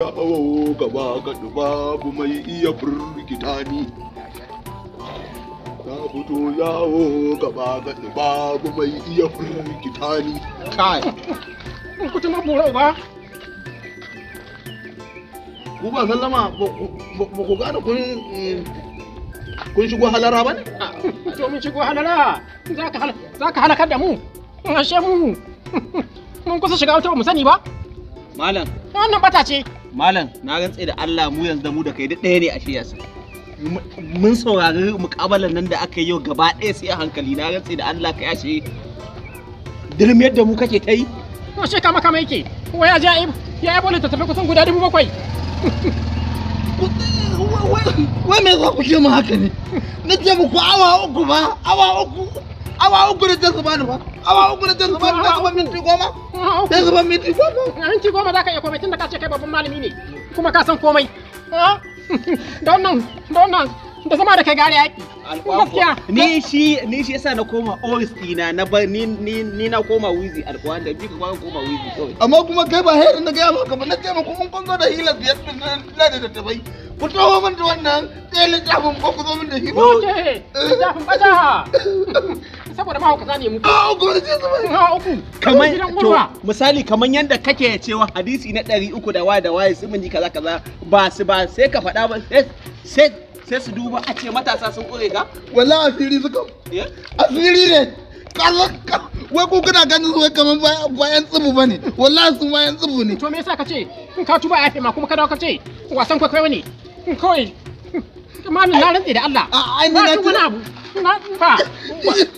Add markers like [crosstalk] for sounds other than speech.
Yawo gaba kaɗu babu mai iya firgita ni. Na fito yawo gaba kaɗu babu mai iya firgita ni. Kai! ma bura ba? Ku ba sallama ba ku gane kun kun shigo halara ba ne? Ah, to mun shigo halara za ka halakar da mu. Ashe mu [laughs] mun kusa shiga wata ba mu sani ba. Malam. Wannan bata ce. malam na rantse da Allah mu yanzu da mu da kai duk ɗaya ne a shiyasa mun saurari mukabalan nan da aka yi yau gaba ɗaya sai a hankali na rantse da Allah ka yashe dirim yadda mu kake ta yi to shi kama kama yake kowa ya ja ya yabo ta tafi kusan guda dubu bakwai wai me za ku ce mu haka ne na ce muku awa uku ba awa uku awa uku da zai zuba ni ba awa uku da zai zuba ni zuba minti goma zai zuba minti goma minti goma za ka iya komai tun da ka ce kai babban malami ne kuma ka san komai [laughs] Don nan, don nan, da zama da kai gare yaki gaskiya ni shi ni shi yasa na koma oils dina na ba ni ni na koma wizi alkwan da ka kwan koma wizi kawai amma kuma kai ba hairin na gaya maka ba na ce maka kun zo da hilar biyar da da tabai ku taho min da wannan tsaye littafin ko ku zo min da ke? littafin bajaha [laughs] da da uku. to misali kaman yadda kake cewa hadisi na 300 uku da waye da waye sun mun ji kaza kaza ba su ba sai ka faɗa ba sai sai su duba a ce matasa sun ƙure ka. Wallahi asiri suka. Eh? Asiri ne. Wai ku kana ganin wai kamar bayan tsibu bane wallahi sun bayan tsibu ne. To me yasa ka ce, in ka tuba yafe ma kuma ka dawo ka ce, wasan kwakwai ne, in kai mamin na da Allah. a ai ni na tuna abu, na tuba. [laughs]